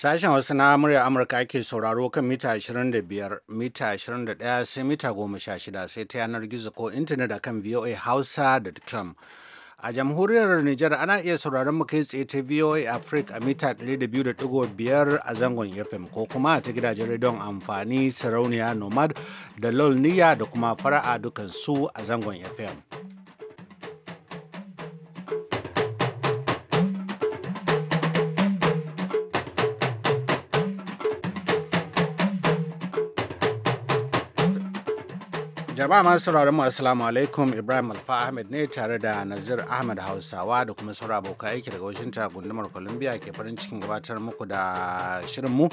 Sashen wasu na murya Amurka ake sauraro kan mita 25, mita 21 sai mita 16 sai ta yanar gizo ko intanet akan Hausa.com. A jamhuriyar Nijar ana iya sauraron mu kai tsaye ta VOA Africa a mita 102.5 a zangon FM ko kuma ta gidajen rediyon amfani sarauniya Nomad da Lol da kuma fara'a dukansu a zangon FM. jama'a masu sauraron mu assalamu alaikum ibrahim alfa ahmed ne tare da nazir ahmed hausawa da kuma saura abokan aiki daga washinta gundumar columbia ke farin cikin gabatar muku da shirin mu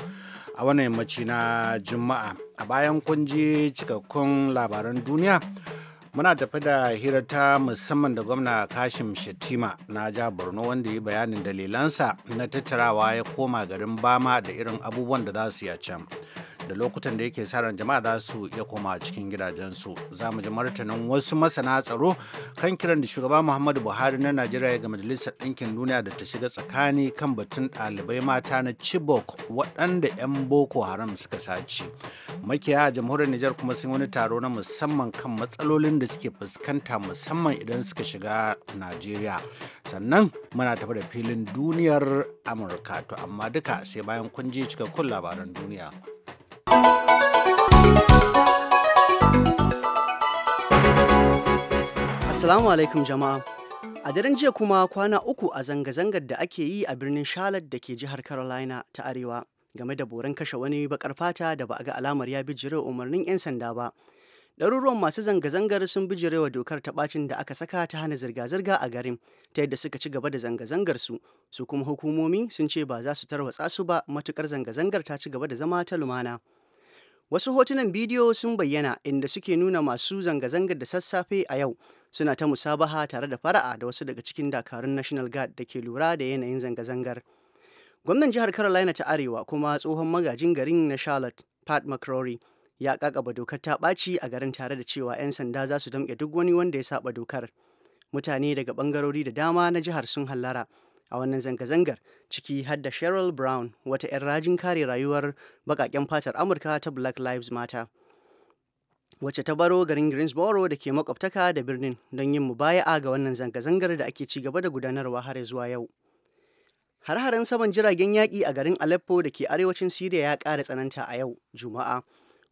a wannan yammaci na juma'a a bayan kunji cikakkun labaran duniya muna tafi da hirar ta musamman da gwamna kashim shettima na ja borno wanda yi bayanin dalilansa na tattarawa ya koma garin bama da irin abubuwan da za su yi a can da lokutan da yake sa ran jama'a za su iya koma cikin gidajensu za mu ji martanin wasu masana tsaro kan kiran da shugaba muhammadu buhari na najeriya ya ga majalisar ɗinkin duniya da ta shiga tsakani kan batun ɗalibai mata na chibok waɗanda 'yan boko haram suka sace makiya a jamhuriyar nijar kuma sun wani taro na musamman kan matsalolin da suke fuskanta musamman idan suka shiga najeriya sannan muna tafi da filin duniyar amurka to amma duka sai bayan kun je cikakkun labaran duniya. Assalamu alaikum jama'a. A daren jiya kuma kwana uku a zanga-zangar da ake yi a birnin Charlotte da ke jihar Carolina ta Arewa game da boran kashe wani bakar fata da ba a ga alamar ya bijire umarnin 'yan sanda ba. Ɗaruruwan masu zanga-zangar sun bijire wa dokar ta bacin da aka saka ta hana zirga-zirga a garin ta yadda suka ci gaba da zanga-zangar su, su kuma hukumomi sun ce ba za su tarwatsa su ba matukar zanga-zangar ta ci gaba da zama ta lumana. Wasu hotunan bidiyo sun bayyana inda suke nuna masu zanga-zangar da sassafe a yau suna ta musabaha tare da fara'a da wasu daga cikin dakarun National Guard da ke lura da yanayin zanga-zangar. Gwamnan jihar Carolina ta Arewa kuma tsohon magajin garin na Charlotte, Pat McCrory, ya kakaba dokar ta ɓaci a garin tare da cewa 'yan sanda za su damƙe duk wani wanda ya saba dokar. Mutane daga ɓangarori da dama na jihar sun hallara. a wannan zanga-zangar ciki har da Cheryl Brown wata 'yan rajin kare rayuwar bakaken fatar Amurka ta Black Lives Matter. wacce ta baro garin Greensboro da ke makwabtaka da birnin don yin mubaya'a ga wannan zanga-zangar da ake ci gaba da gudanarwa har zuwa yau. Har-haren saman jiragen yaƙi a garin Aleppo da ke arewacin Siriya ya ƙara tsananta a yau, Juma'a.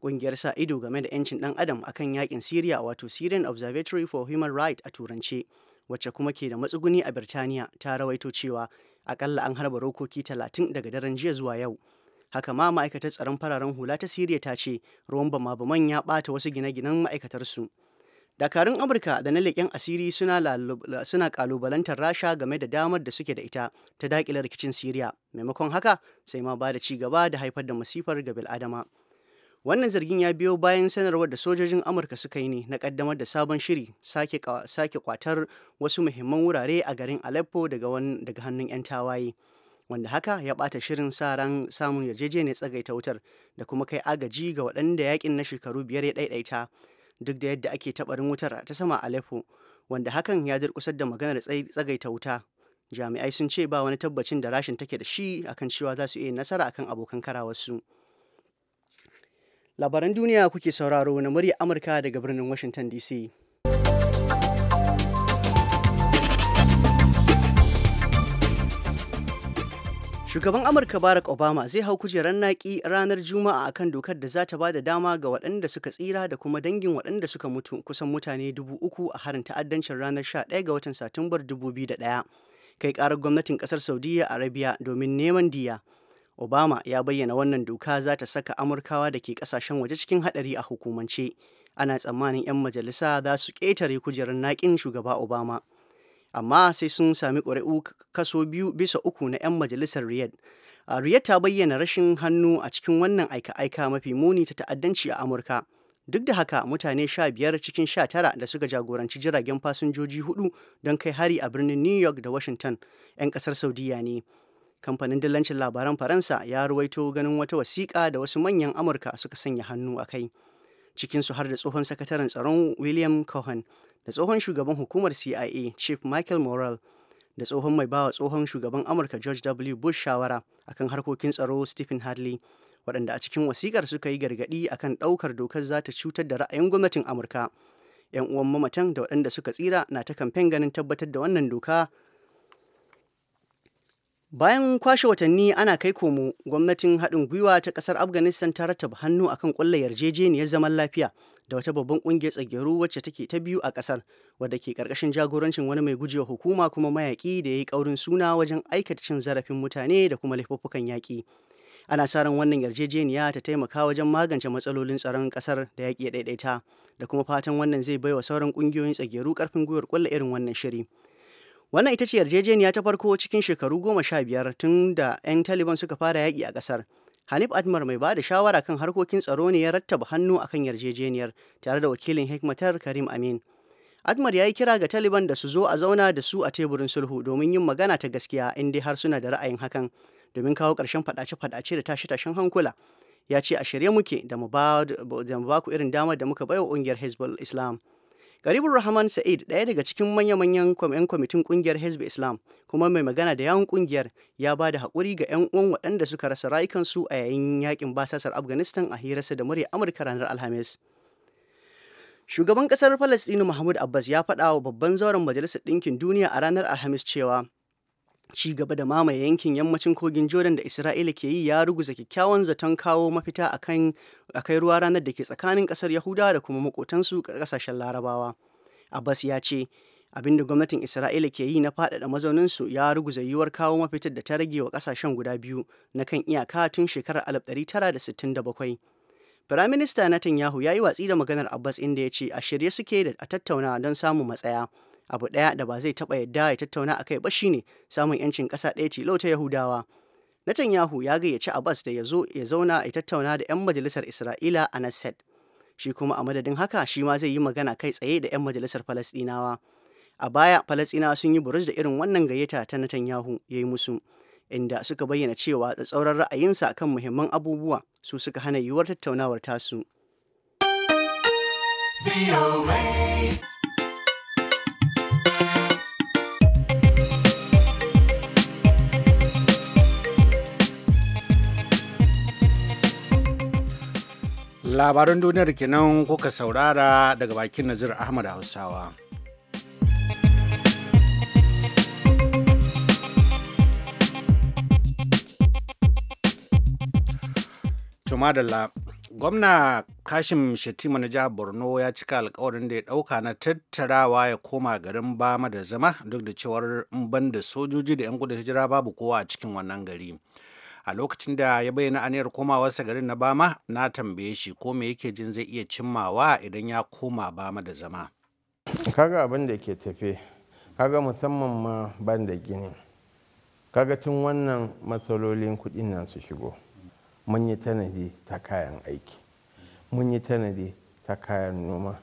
Ƙungiyar sa ido game da 'yancin ɗan adam akan yaƙin Siriya wato Syrian Observatory for Human Rights a Turance wacce kuma ke da matsuguni a birtaniya ta rawaito cewa akalla an harba rokoki talatin daga daren jiya zuwa yau haka ma ma'aikatar tsaron fararen hula ta siriya ta ce ruwan bama-baman ya ɓata wasu gine-ginen ma'aikatarsu dakarun amurka da na leƙen asiri suna ƙalubalantar rasha game da damar da suke da ita ta daƙile rikicin siriya maimakon haka sai ma ba da ci gaba da haifar da masifar ga bil'adama adama Wannan zargin ya biyo bayan sanarwar da sojojin Amurka suka yi ne na kaddamar da sabon shiri sake, kwatar wasu muhimman wurare a garin Aleppo daga, hannun 'yan tawaye. Wanda haka ya bata shirin sa ran samun yarjejeniyar tsagaita wutar da kuma kai agaji ga waɗanda yakin na shekaru biyar ya ɗaiɗaita duk da yadda ake taɓarin wutar ta sama Aleppo. Wanda hakan ya durkusar da maganar tsagaita wuta jami'ai sun ce ba wani tabbacin da rashin take da shi akan cewa za su iya nasara akan abokan karawarsu. labaran duniya kuke sauraro na murya amurka daga birnin washington dc Shugaban Amurka Barack Obama zai hau kujerar naki ranar Juma'a akan dokar da za ta ba da dama ga waɗanda suka tsira da kuma dangin waɗanda suka mutu kusan mutane dubu uku a harin ta'addancin ranar 11 ga watan Satumbar 2001. Kai karar gwamnatin kasar saudiya Arabia domin neman diya. obama ya bayyana wannan doka za ta saka amurkawa da ke kasashen waje cikin hadari a hukumance ana tsammanin 'yan majalisa za su ƙetare kujerar naƙin shugaba obama amma sai sun sami ƙuri'u kaso biyu bisa uku na 'yan majalisar riyad riyad ta bayyana rashin hannu a cikin wannan aika-aika mafi muni ta ta'addanci a amurka duk da haka mutane sha biyar cikin sha tara da suka jagoranci jiragen fasinjoji hudu don kai hari a birnin new york da washington 'yan ƙasar saudiya ne kamfanin dillancin labaran faransa ya ruwaito ganin wata wasiƙa da wasu manyan amurka suka sanya hannu a kai cikinsu har da tsohon sakataren tsaron william cohen da tsohon shugaban hukumar cia chief michael morrell da tsohon mai bawa tsohon shugaban amurka george w bush shawara akan harkokin tsaro stephen hadley waɗanda a cikin wasiƙar suka yi gargaɗi akan ɗaukar dokar za ta cutar da ra'ayin gwamnatin amurka 'yan uwan mamatan da waɗanda suka tsira na ta kamfen ganin tabbatar da wannan doka Bayan kwashe watanni ana kai komo, gwamnatin haɗin gwiwa ta ƙasar Afghanistan ta rattaba hannu akan ƙulla yarjejeniyar zaman lafiya da wata babban ƙungiyar tsageru wacce take ta biyu a ƙasar, wadda ke ƙarƙashin jagorancin wani mai gujewa hukuma kuma mayaƙi da ya yi ƙaurin suna wajen aikata cin zarafin mutane da kuma laifuffukan yaƙi. ana sa ran wannan yarjejeniya ta taimaka wajen magance matsalolin tsaron ƙasar da yaƙi ya ɗaiɗaita, da kuma fatan wannan zai baiwa sauran ƙungiyoyin tsageru ƙarfin gwiwar ƙulla irin wannan shiri wannan ita ce yarjejeniya ta farko cikin shekaru goma sha biyar tun da 'yan taliban suka fara yaƙi a ƙasar hanif admar mai ba da shawara kan harkokin tsaro ne ya rattaba hannu akan yarjejeniyar tare da wakilin hikmatar karim amin admar ya yi kira ga taliban da su zo a zauna da su a teburin sulhu domin yin magana ta gaskiya in dai har suna da ra'ayin hakan domin kawo karshen fadace faɗace da tashe-tashen hankula ya ce a shirye muke da mu ba ku irin damar da muka baiwa ƙungiyar hezbollah islam Garibu Rahman Sa'id, ɗaya daga cikin manya-manyan 'yan kwamitin ƙungiyar Hezb Islam, kuma mai magana da yawon ƙungiyar, ya ba da haƙuri ga 'yan uwan waɗanda suka rasa rayukansu a yayin yakin basasar Afghanistan a hirarsa da murya Amurka ranar Alhamis. Shugaban ƙasar Falastinu Mahmud Abbas ya faɗa wa babban zauren Majalisar Ɗinkin Duniya a ranar Alhamis cewa ci gaba da mamaye yankin yammacin kogin jordan da isra'ila ke yi ya ruguza kyakkyawan zaton kawo mafita a kai ruwa ranar da ke tsakanin kasar Yahuda da kuma makotansu kasashen larabawa abbas ya ce abinda gwamnatin isra'ila ke yi na faɗaɗa mazauninsu ya ruguza yiwuwar kawo mafitar da ta rage wa kasashen guda biyu na kan iyaka tun shekarar bakwai. Firaminista Netanyahu ya yi watsi da maganar Abbas inda ya ce a shirye suke da a tattauna don samun matsaya abu ɗaya da ba zai taɓa yadda ya tattauna a kai ba shine samun 'yancin ƙasa ɗaya tilo ta Yahudawa. Netanyahu ya gayyaci Abbas da ya zo ya zauna ya tattauna da 'yan majalisar Isra'ila a Nasset. Shi kuma a madadin haka shi ma zai yi magana kai tsaye da 'yan majalisar Falasɗinawa. A baya falastinawa sun yi buruj da irin wannan gayyata ta Netanyahu ya yi musu. Inda suka bayyana cewa tsatsauran ra'ayinsa kan muhimman abubuwa su suka hana yiwuwar tattaunawar tasu. labaran duniyar kenan kuka saurara daga bakin nazir ahmad hausawa Tumadala, gwamna Kashim shetima na jihar Borno ya cika alkawarin da ya ɗauka na tattarawa ya koma garin Bama da zama duk da cewar ban da sojoji da 'yan gudun hijira babu kowa a cikin wannan gari. a lokacin da ya bayyana aniyar komawarsa garin na bama na tambaye shi ko me yake jin zai iya cimmawa idan ya koma bama da zama kaga abin da ke tafe kaga musamman ma ban da gini kaga tun wannan matsalolin kudin nan su shigo mun yi tanadi ta kayan aiki mun yi tanadi ta kayan noma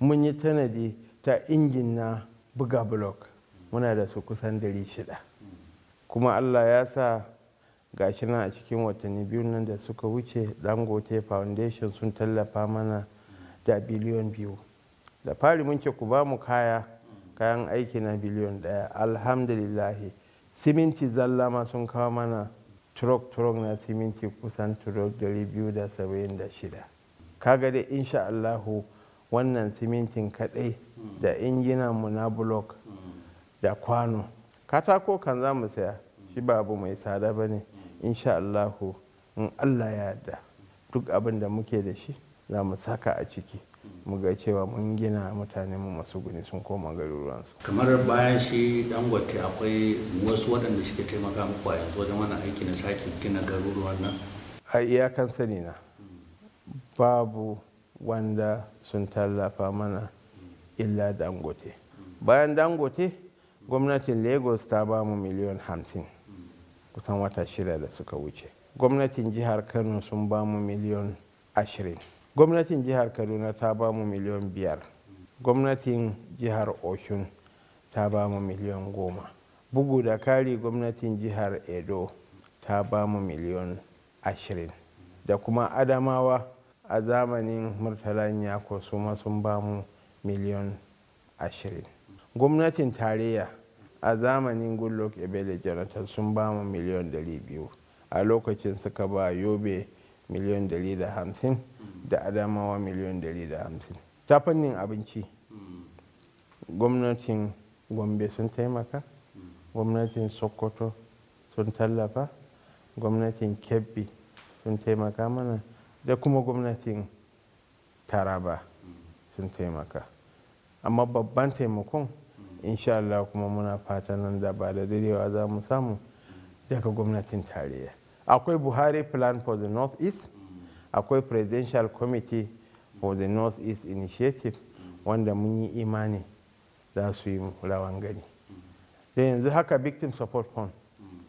mun yi tanadi ta injin na buga blok muna da su kusan dari shida kuma allah ya sa shi nan a cikin watanni biyu nan da suka wuce dangote foundation sun tallafa mana da biliyon biyu da fari mun ce ku ba mu kaya kayan aiki na biliyon daya alhamdulillahi siminti zallama sun kawo mana truck truck na siminti kusan truck 276 kaga da insha Allahu wannan simintin kadai da ingina mu na block da kwano katako kan za mu saya shi babu mai tsada ba ne insha Allahu in Allah ya yarda duk abin da muke da shi za mu saka a ciki mu ga cewa mun gina mutane mu masu guni sun koma garuruwansu kamar bayan shi dangote akwai wasu waɗanda suke taimaka muku a yanzu wajen wannan aiki na sake gina garuruwan nan a iyakan sani na babu wanda sun tallafa mana illa dangote bayan dangote gwamnatin lagos ta ba mu miliyan hamsin kusan wata shida da suka wuce gwamnatin jihar kano sun ba mu miliyon ashirin gwamnatin jihar kaduna ta ba mu miliyon biyar gwamnatin jihar oshun ta ba mu miliyon goma bugu da kari gwamnatin jihar edo ta ba mu miliyon ashirin da kuma adamawa a zamanin murtala yako su sun ba mu miliyon ashirin gwamnatin tarayya a zamanin goodluck ebele jonathan sun ba mu miliyan 200 a lokacin suka ba yobe miliyan 150 da adamawa miliyan 150 ta fannin abinci gwamnatin gombe sun taimaka gwamnatin sokoto sun tallafa gwamnatin kebbi sun taimaka mana da kuma gwamnatin taraba sun taimaka amma babban taimakon insha Allah kuma muna fata nan da ba da darewa za mu samu daga gwamnatin tarayya akwai buhari plan for the north east akwai presidential committee for the north east initiative wanda mun yi imani za su yi rawan gani da yanzu haka victim support fund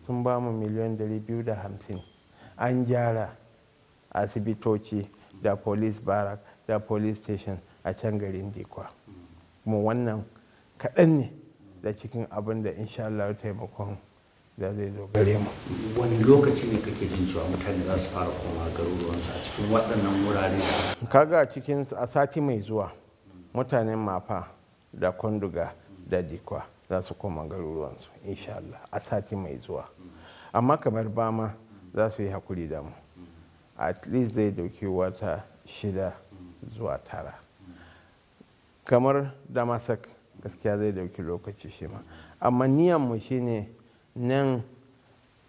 sun ba mu miliyan 250 an gyara asibitoci da police barrack da police station a can garin dikwa kuma wannan kaɗan ne da cikin abin da insha Allah taimakon da zai zo gare mu. Wani lokaci ne kake jin cewa mutane za su fara koma garuruwansu a cikin waɗannan wurare? Kaga cikin a sati mai zuwa mutanen mafa da kwanduga da dikwa za su koma garuruwansu insha Allah a sati mai zuwa. Amma kamar bama za su yi hakuri da mu. At least zai dauki wata shida zuwa tara. Kamar Damasak gaskiya zai dauki lokaci shi ma amma niyanmu shine nan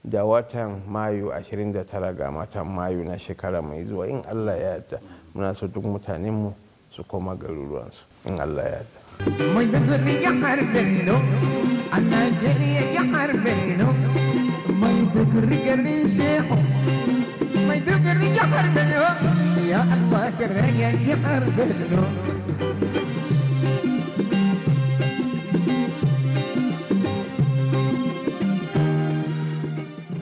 da watan mayu 29 ga matan mayu na shekara mai zuwa in allah ya yarda muna so duk mutanenmu su koma garuruwansu in allah ya yarda a Najeriya jihar Bello mai digiri garin Shehu mai ya Allah kira ya jihar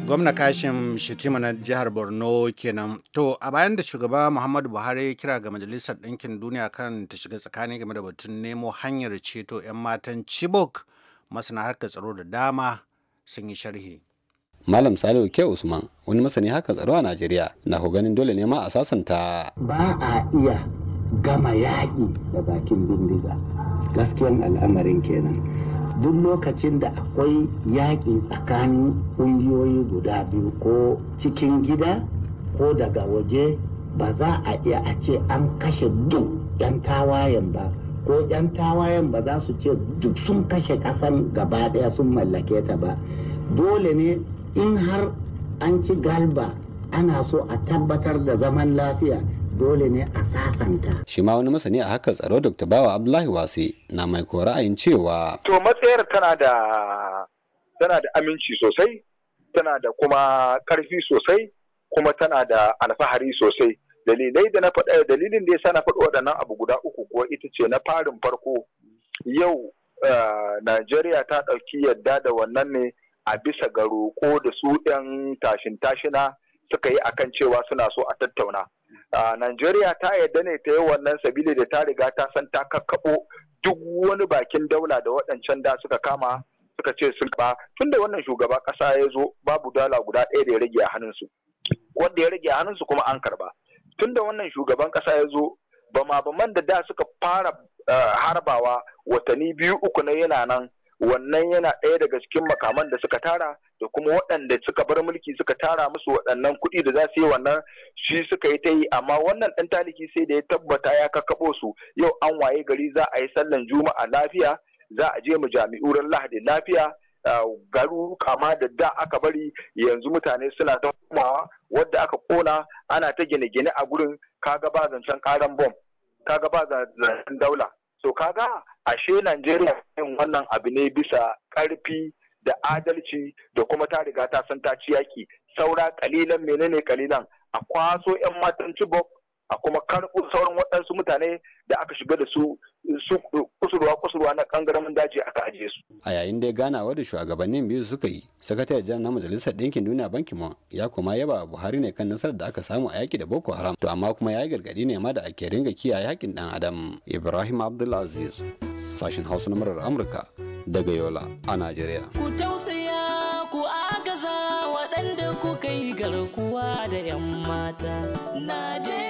gwamna kashin shitima na jihar borno kenan to a bayan da shugaba muhammadu buhari ya kira ga majalisar ɗinkin duniya kan ta shiga tsakanin game da batun nemo hanyar ceto 'yan matan chibok masana harkar tsaro da dama sun yi sharhi Malam Salihu Ke Usman wani masani haka tsaro a Najeriya na ku ganin dole ne ma a sasanta. Ba a iya gama yaƙi da bakin bindiga gaskiyan al'amarin kenan duk lokacin da akwai yaƙi tsakanin ƙungiyoyi guda biyu ko cikin gida ko daga waje ba za a iya a ce an kashe duk 'yan tawayen ba ko 'yan tawayen ba za su ce duk sun kashe ƙasan gaba ɗaya sun mallake ta ba dole ne in har an ci galba ana so a tabbatar da zaman lafiya dole ne a sasanta. Shi ma wani masani a haka tsaro Dr. Bawa Abdullahi Wasi, na mai ko ra'ayin cewa. To matsayar tana da tana da aminci sosai, tana da kuma ƙarfi sosai, kuma tana da alfahari sosai. Dalilai da na faɗa dalilin da yasa na faɗi waɗannan abu guda uku kuwa ita ce na farin farko yau eh, Najeriya ta ɗauki yadda da wannan ne a bisa ga roƙo da su ɗan tashin tashina suka yi akan cewa suna so a tattauna. Najeriya ta yarda ne ta yi wannan sabili da ta riga ta san ta kakkaɓo duk wani bakin daula da waɗancan da suka kama suka ce sun ba tun da wannan shugaba ƙasa ya zo babu dala guda ɗaya da ya rage a hannunsu wanda ya rage a hannunsu kuma an karba tun da wannan shugaban ƙasa ya zo ba ma ba man da da suka fara eh, harbawa watanni biyu uku na yana nan wannan yana ɗaya daga cikin makaman da suka tara da kuma waɗanda suka bar mulki suka tara musu waɗannan kuɗi da za su yi wannan shi suka yi ta yi amma wannan ɗan taliki sai da ya tabbata ya kakkaɓo su yau an waye gari za a yi sallan juma'a lafiya za a je mu jami'uran lahadi lafiya garuruka ma da da aka bari yanzu mutane suna ta komawa wadda aka kona ana ta gine-gine a gurin kaga ba zancen karan bom kaga ba zancen daula so kaga ashe Najeriya yin wannan abu ne bisa ƙarfi da adalci da kuma ta riga ta san ta ci saura kalilan menene kalilan a kwaso yan matan Chibok a kuma karɓo sauran waɗansu mutane da aka shiga da su kusurwa kusurwa na kangaramin daji aka ajiye su. A yayin da ganawa da shugabannin biyu suka yi, sakatare janar na majalisar ɗinkin duniya banki ma ya kuma yaba Buhari ne kan nasarar da aka samu a yaƙi da Boko Haram, to amma kuma ya yi gargaɗi ne ma da ake ringa kiyaye haƙƙin ɗan Adam. Ibrahim Abdulaziz, sashin Hausa na murar Amurka daga Yola a Najeriya. Ku tausaya ku agaza waɗanda da 'yan mata. Najeriya.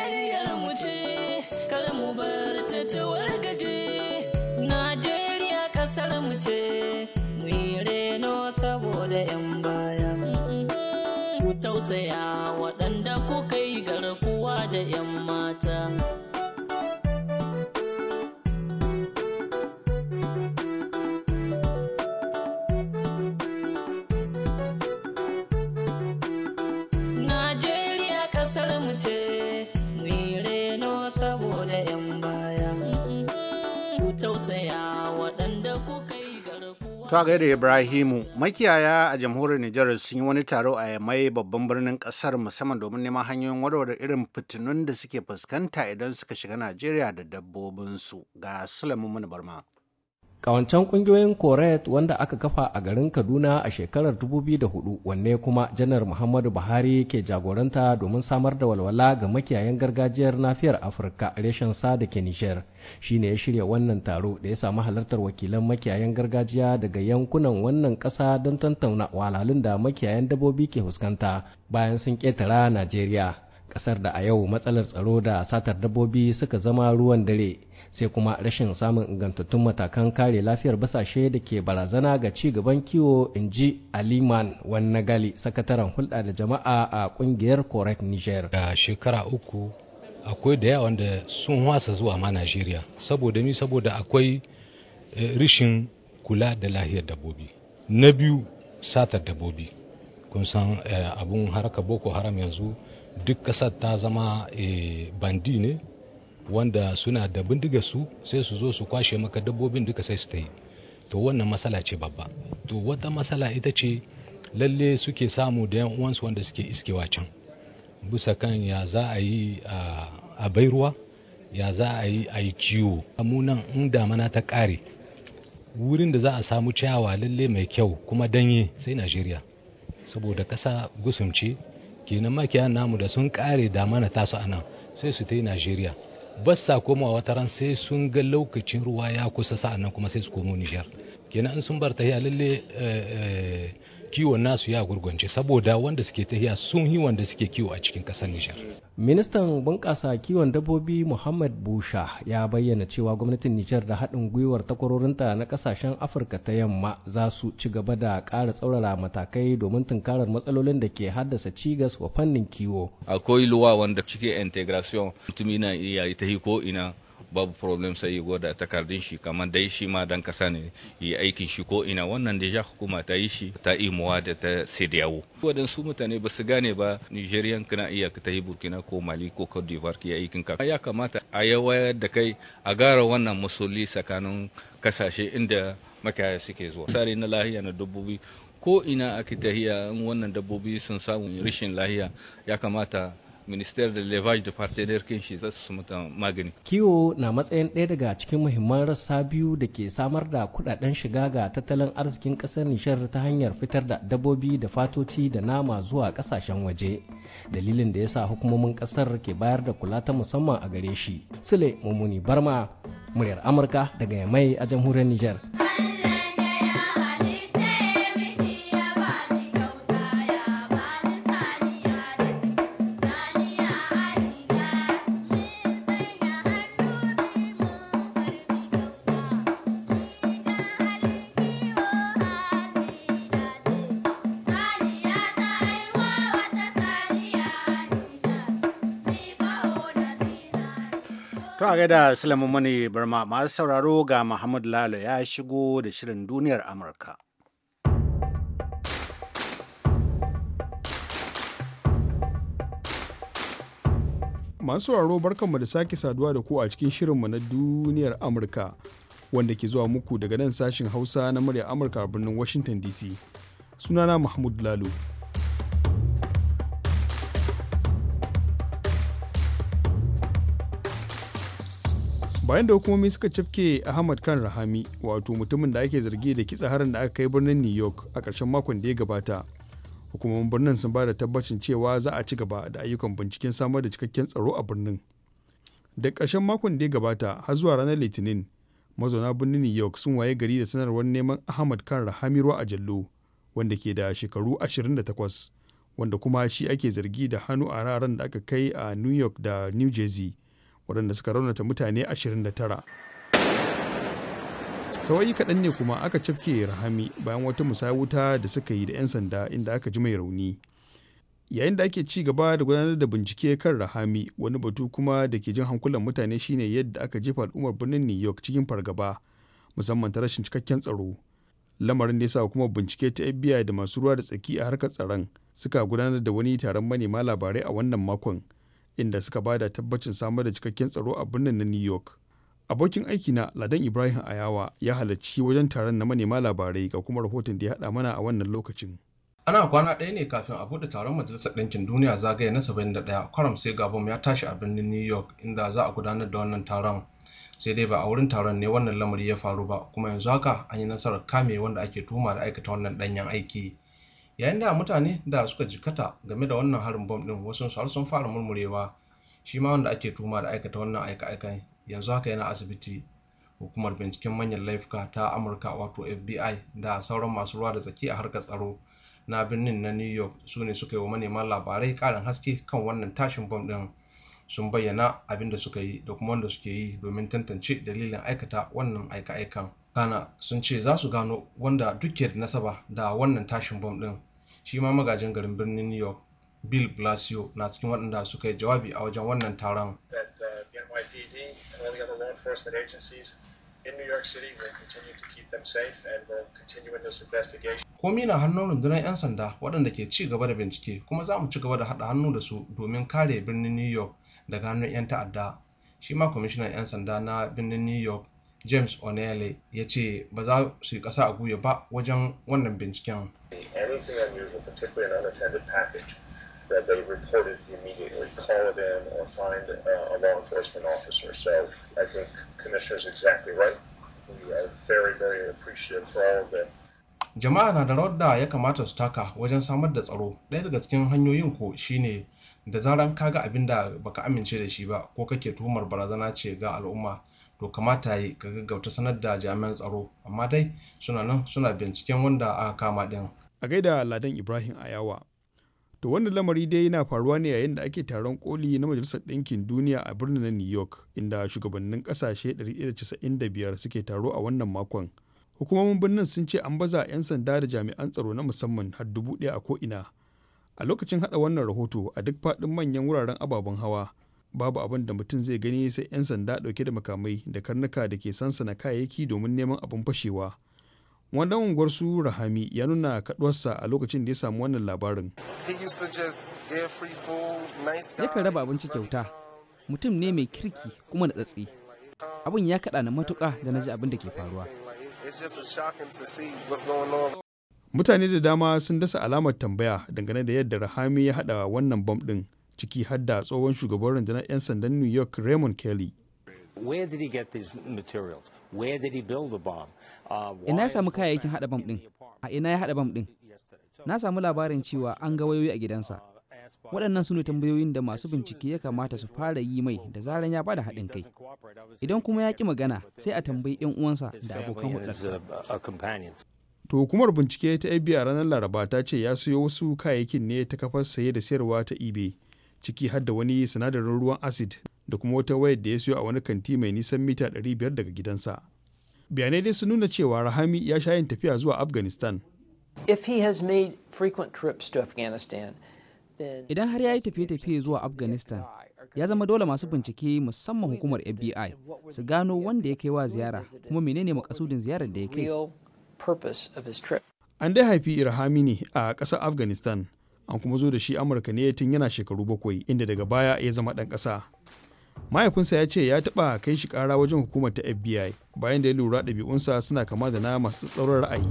Ta da Ibrahimu, makiyaya a jamhuriyar Nijar sun yi wani taro a mai babban birnin kasar musamman domin neman hanyoyin warware irin fitinun da suke fuskanta idan suka shiga Najeriya da dabbobinsu ga Sulaiman Barma. kawancen ƙungiyoyin Koret wanda aka kafa a garin Kaduna a shekarar 2004 wanne kuma Janar Muhammadu Buhari ke jagoranta domin samar da walwala ga makiyayan gargajiyar nafiyar Afirka reshen sa da ke Nijar. Shi ya shirya wannan taro da ya samu halartar wakilan makiyayan gargajiya daga yankunan wannan kasa don tantauna wahalhalun da makiyayan dabobi ke fuskanta bayan sun ketara Najeriya. kasar da a yau matsalar tsaro da satar dabbobi suka zama ruwan dare. sai kuma rashin samun ingantattun matakan kare lafiyar basashe da ke barazana ga ci gaban kiwo in ji aliman gali sakataren hulɗa da jama'a a ƙungiyar correct niger da shekara uku akwai da yawa wanda sun wasa zuwa ma najeriya saboda mi saboda akwai eh, rishin kula da lahiyar dabbobi na biyu satar dabbobi kun san eh, abun haraka boko haram yanzu duk ƙasar ta zama eh, bandi ne wanda suna da bindiga su sai su zo su kwashe maka dabbobin duka sai su ta yi to wannan matsala ce babba to wata matsala ita ce lalle suke samu da yan uwansu wanda suke iskewa can bisa kan ya za a yi a bai ruwa ya za a yi a yi ciwo nan in damana ta kare wurin da za a samu ciyawa lalle mai kyau kuma danye sai najeriya saboda kasa gusumce kenan makiya namu da sun ƙare damana tasu a nan sai su ta yi najeriya ba sa komawa wata ran sai sun ga lokacin ruwa ya kusa sa'annan kuma sai su komo Nijar kenan in sun bar tahiya lalle eh, eh, kiwon nasu ya gurgunce saboda wanda suke tahiya sun yi wanda suke kiwo a cikin kasar Nijar. Ministan bunƙasa kiwon dabbobi Muhammad Busha ya bayyana cewa gwamnatin Nijar da haɗin gwiwar takwarorinta na ƙasashen Afirka ta yamma za su ci gaba da ƙara tsaurara matakai domin tunkarar matsalolin da ke haddasa cigas wa fannin kiwo. Akwai luwa wanda cike integration mutum yana iya ta ko ina babu problem sai ya goda takardun shi kamar dai shi ma dan kasa ne yi aikin shi ko ina wannan deja hukuma ta yi shi ta imuwa da ta sidiyawo waɗansu mutane ba su gane ba nigerian kana iya ka yi burkina ko mali ko cote d'ivoire ki aikin ka ya kamata a yawayar da kai a gara wannan musulli tsakanin kasashe inda makiyaya suke zuwa sare na lahiya na dabbobi ko ina ake tahiya wannan dabbobi sun samu rashin lahiya ya kamata ministère da levage da partenaire kin shi za su mutan magani kiwo na matsayin ɗaya daga cikin muhimman rassa biyu da ke samar da kudaden shiga ga tattalin arzikin ƙasar nishar ta hanyar fitar da dabbobi da fatoci da nama zuwa ƙasashen waje dalilin da yasa hukumomin ƙasar ke bayar da kula ta musamman a gare shi sule mummuni barma muryar amurka daga yamai a jamhuriyar nijar To a gaida Sulaiman Mani Barma masu sauraro ga Muhammad Lalo ya shigo da shirin duniyar Amurka. Masu sauraro barkanmu da sake saduwa da ku a cikin shirinmu na duniyar Amurka wanda ke zuwa muku daga nan sashin Hausa na murya Amurka a birnin Washington DC. Sunana Mahmud Lalo. bayan da hukumomi suka cafke ahmad kan rahami wato mutumin da ake zargi da kitsa harin da aka kai birnin new york a ƙarshen makon da ya gabata hukumomin birnin sun ba da tabbacin cewa za a ci gaba da ayyukan binciken samar da cikakken tsaro a birnin da ƙarshen makon da ya gabata har zuwa ranar litinin mazauna birnin new york sun waye gari da sanarwar neman ahmad kan rahami ruwa a jallo wanda ke da shekaru ashirin da 28 wanda kuma shi ake zargi da hannu a ran da aka kai a new york da new jersey waɗanda suka raunata mutane 29 sawayi kaɗan ne kuma aka cafke rahami bayan wata wuta da suka yi da 'yan sanda inda aka ji mai rauni yayin da ake ci gaba da gudanar da bincike kan rahami wani batu kuma da ke jin hankulan mutane shine yadda aka jefa al'ummar birnin new york cikin fargaba musamman ta rashin cikakken tsaro lamarin da ya kuma bincike ta fbi da masu ruwa da tsaki a harkar tsaron suka gudanar da wani taron manema labarai a wannan makon inda suka ba da tabbacin samar da cikakken tsaro a birnin na new york abokin aiki na ladan ibrahim ayawa ya halarci wajen taron na manema labarai ga kuma rahoton da ya haɗa mana a wannan lokacin ana kwana ɗaya ne kafin a buɗe taron majalisar ɗinkin duniya zagaye na 71 kwaram sai gabon ya tashi a birnin new york inda za a gudanar da wannan taron sai dai ba a wurin taron ne wannan lamari ya faru ba kuma yanzu haka an yi nasarar kame wanda ake tuma da aikata wannan ɗanyen aiki yayin da mutane da suka jikata game da wannan harin bom din wasu har sun fara murmurewa shi ma wanda ake tuma da aikata wannan aika-aikan yanzu haka yana asibiti hukumar binciken manyan laifuka ta amurka wato fbi da sauran masu ruwa da tsaki a harkar tsaro na birnin na new york su ne suka yi wa manema labarai karin haske kan wannan tashin bom din sun bayyana abin da suka yi da kuma wanda suke yi domin tantance dalilin aikata wannan aika-aikan kana sun ce za su gano wanda duk da nasaba da wannan tashin bom din shi ma magajin garin birnin new york bill blasio na cikin waɗanda suka yi jawabi a wajen wannan taron uh, komi na hannun rundunar 'yan sanda waɗanda ke ci gaba da bincike kuma za mu ci gaba da haɗa hannu da su domin kare birnin new york daga hannun 'yan ta'adda shi ma kwamishinan 'yan sanda na birnin new york james onele ya ce ba za su yi ƙasa a guya ba wajen wannan binciken uh, Jama'a na da rawar da ya kamata su taka wajen samar da tsaro. Ɗaya daga cikin hanyoyin ko shine da zaran kaga abin da baka amince da shi ba ko kake tuhumar barazana ce ga al'umma to kamata yi ka gaggauta sanar da jami'an tsaro amma dai suna nan suna binciken wanda aka kama din a gaida ladan ibrahim ayawa to wannan lamari dai yana faruwa ne yayin da ake taron koli na majalisar ɗinkin duniya a birnin new york inda shugabannin ƙasashe 195 suke taro a wannan makon hukumomin birnin sun ce an baza 'yan sanda da jami'an tsaro na musamman har dubu ɗaya a ko'ina a lokacin hada wannan rahoto a duk faɗin manyan wuraren ababen hawa babu abin da mutum zai gani sai 'yan sanda dauke da makamai da karnuka da ke sansana kayayyaki domin neman abin fashewa wannan unguwar su rahami ya nuna kaduwarsa a lokacin da ya samu wannan labarin yakan raba abinci kyauta mutum ne mai kirki kuma na tsatsi abin ya kaɗa na matuka da na ji abin da ke faruwa mutane da dama sun dasa alamar tambaya dangane da yadda rahami ya haɗa wannan bom ɗin ciki har da tsohon shugaban rundunar 'yan sandan new york raymond kelly uh, ina ya samu kayayyakin hada bam ɗin a ina ya hada bam ɗin na samu labarin cewa an ga wayoyi a gidansa waɗannan su ne tambayoyin da masu bincike ya kamata su fara yi mai da zaran ya bada haɗin kai idan kuma ya ƙi magana sai a tambayi 'yan uwansa da abokan to hukumar bincike ta fbi ranar laraba ta ce ya sayo wasu kayayyakin ne ta kafar saye da sayarwa ta ebay ciki har da wani sinadarin ruwan acid da kuma wata wayar da ya siyo a wani kanti mai nisan mita 500 daga gidansa. Bayanai dai sun nuna cewa Rahami ya sha yin tafiya zuwa Afghanistan. if has to afghanistan Idan har ya yi tafiye-tafiye zuwa Afghanistan, ya zama dole masu bincike musamman hukumar FBI su gano wanda ya kai wa ziyara kuma menene makasudin ziyarar da ya kai. An dai haifi Irhami ne a ƙasar Afghanistan. an kuma zo da shi amurka ne tun yana shekaru bakwai inda daga baya ya zama ɗan ƙasa mahaifinsa ya ce ya taɓa kai shi kara wajen hukumar ta fbi bayan da ya lura ɗabi'unsa suna kama da na masu tsauran ra'ayi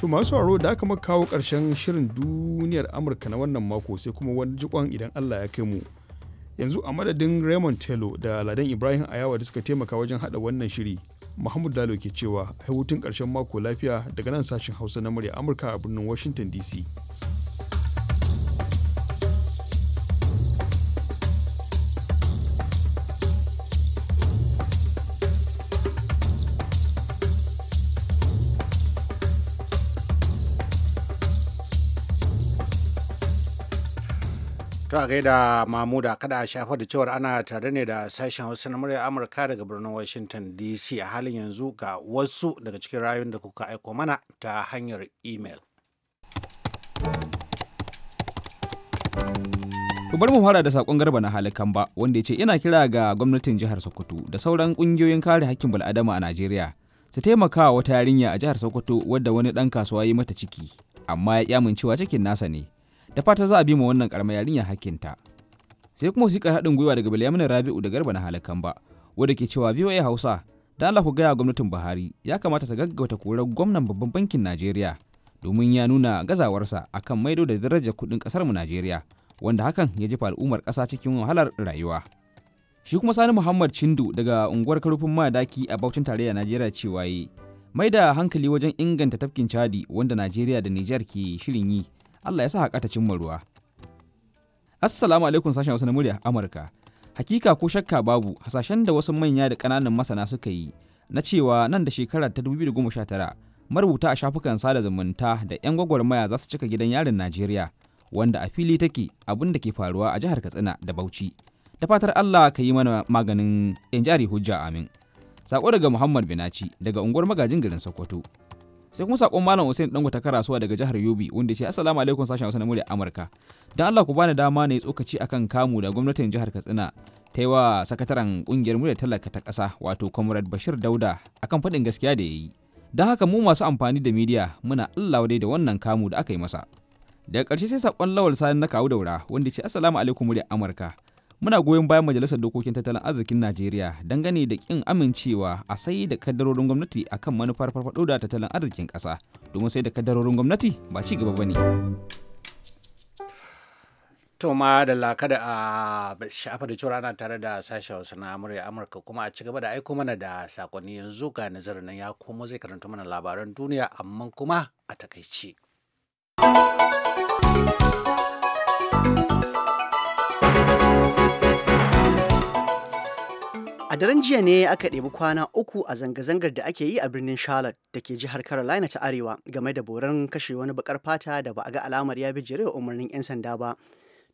to masu aro da aka kawo ƙarshen shirin duniyar amurka na wannan mako sai kuma wani jikon idan allah ya kai mu yanzu a madadin raymond telo da ladan ibrahim ayawa da suka taimaka wajen hada wannan shiri mahmud dalo ke cewa a hutun karshen mako lafiya daga nan sashen hausa na murya amurka a birnin washington dc To a gaida Mamuda kada a shafa da cewar ana tare ne da sashen Hausa na murya Amurka daga birnin Washington DC a halin yanzu ga wasu daga cikin rayun da kuka aiko mana ta hanyar email. To bari mu fara da sakon garba na halikan ba wanda ya ce ina kira ga gwamnatin jihar Sokoto da sauran kungiyoyin kare hakkin bal'adama a Najeriya su taimaka wata yarinya a jihar Sokoto wadda wani dan kasuwa ya mata ciki amma ya kyamun cewa cikin nasa ne. da fata za a bi mu wannan karamar yarinya hakinta sai kuma wasiƙar haɗin gwiwa daga Bilyamina Rabi'u da Garba na halakan ba wanda ke cewa VOA Hausa da Allah ku gaya gwamnatin Buhari ya kamata ta gaggauta korar gwamnan babban bankin Najeriya domin ya nuna gazawarsa akan maido da darajar kuɗin ƙasar mu Najeriya wanda hakan ya jefa al'ummar ƙasa cikin wahalar rayuwa shi kuma Sani Muhammad Chindu daga unguwar Karufin Madaki a Bautin Tarayya Najeriya cewa yi mai da hankali wajen inganta tafkin Chadi wanda Najeriya da Nijar ke shirin yi Allah ya sa haƙa ta cimma ruwa. Assalamu alaikum sashen wasu na murya Amurka. Hakika ko shakka babu hasashen da wasu manya da ƙananan masana suka yi na cewa nan da shekara ta 2019 marubuta a shafukan sada zumunta da 'yan gwagwarmaya za su cika gidan yarin Najeriya wanda a fili take abin da ke faruwa a jihar Katsina da Bauchi. Da fatar Allah ka yi mana maganin 'yan jari hujja amin. Sako daga Muhammad Binaci daga unguwar magajin garin Sokoto. sai kuma sakon malam Hussein Dango ta suwa daga jihar Yobe wanda ce assalamu alaikum sashen Hausa na murya Amurka dan Allah ku bani dama ne tsokaci a kan kamu da gwamnatin jihar Katsina ta yi wa sakataren kungiyar murya talaka ta kasa wato Comrade Bashir Dauda akan faɗin gaskiya da ya yi. don haka mu masu amfani da midiya muna Allah wadai da wannan kamu da aka yi masa daga ƙarshe sai sakon lawal sani na kawu daura wanda ce assalamu alaikum murya Amurka muna goyon bayan majalisar dokokin tattalin arzikin najeriya dangane da kin amincewa a sai da kaddarorin gwamnati akan manufar farfado da tattalin arzikin ƙasa domin sai da kaddarorin gwamnati ba ci gaba ba ne toma ma da lakada a shafa da cewa ana tare da sashen wasu na murya amurka kuma a ci gaba da aiko mana da sakonni yanzu ga nazarin nan ya komo zai karanta mana labaran duniya amma kuma a takaici A daren jiya ne aka ɗebi kwana uku a zanga-zangar da ake yi a birnin Charlotte da ke jihar Carolina ta Arewa game da boran kashe wani bakar fata da ba a ga alamar ya bijirewa umarnin 'yan sanda ba.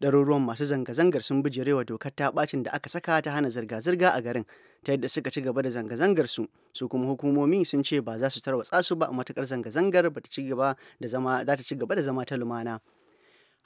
Ɗaruruwan masu zanga-zangar sun bijirewa dokar ta bacin da aka saka ta hana zirga-zirga a garin ta yadda suka ci gaba da zanga-zangar su su kuma hukumomi sun ce ba za su tarwatsa su ba matukar zanga-zangar ba ta ci gaba da zama za ta ci gaba da zama ta lumana.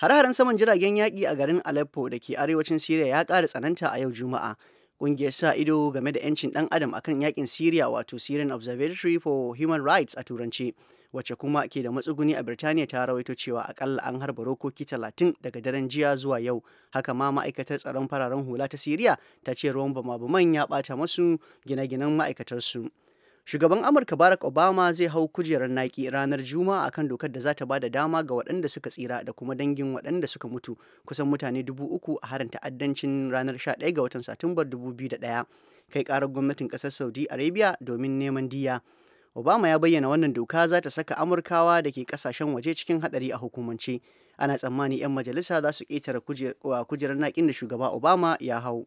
Hare-haren saman jiragen yaƙi a garin Aleppo da ke arewacin Siriya ya ƙara tsananta a yau Juma'a Ƙungiyar sa ido game da 'yancin ɗan adam akan yakin Syria wato Syrian Observatory for Human Rights a Turanci. wacce kuma ke da matsuguni a Birtaniya ta rawaito cewa akalla an harba rokoki 30 daga daren jiya zuwa yau. Haka ma ma'aikatar tsaron fararen hula ta Syria, ta ce ruwan bama-baman ya ɓata masu gine-ginen su. shugaban amurka barack obama zai hau kujerar naki ranar juma'a akan dokar da za ta bada dama ga waɗanda suka tsira da kuma dangin waɗanda suka mutu kusan mutane dubu uku a harin ta'addancin ranar 11 ga watan satumbar 2001 kai karar gwamnatin ƙasar saudi arabia domin neman diya obama ya bayyana wannan doka za ta saka amurkawa da ke kasashen waje cikin hadari a hukumance ana tsammani 'yan majalisa za su ƙetare kujerar naƙin da shugaba obama ya hau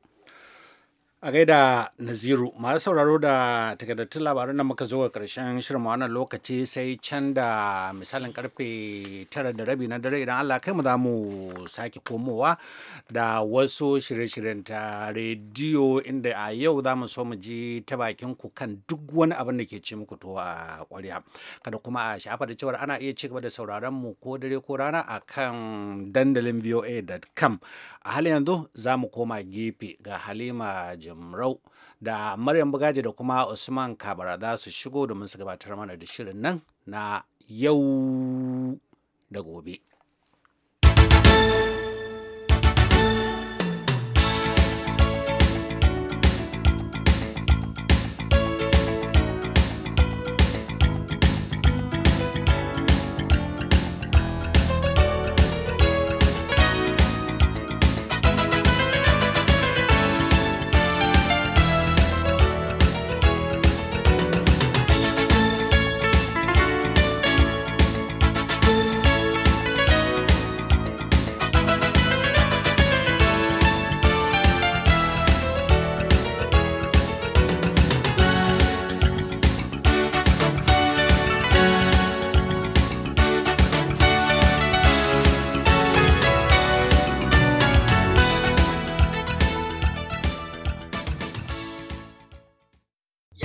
a gaida naziru masu sauraro da takardattun labaran da muka zo ga karshen shirin wannan lokaci sai can da misalin karfe tara da rabi na dare idan allah kai mu za mu sake komowa da wasu shirye-shiryen ta rediyo inda a yau za mu so mu ji ta bakin ku kan duk wani abin da ke ci muku to a kwarya kada kuma a shafa da cewar ana iya cigaba da sauraron mu ko dare ko rana a kan dandalin voa.com a halin yanzu za mu koma gefe ga halima jimrau da maryam bugaji da kuma usman kabara za su shigo domin su gabatar mana da shirin nan na yau da gobe.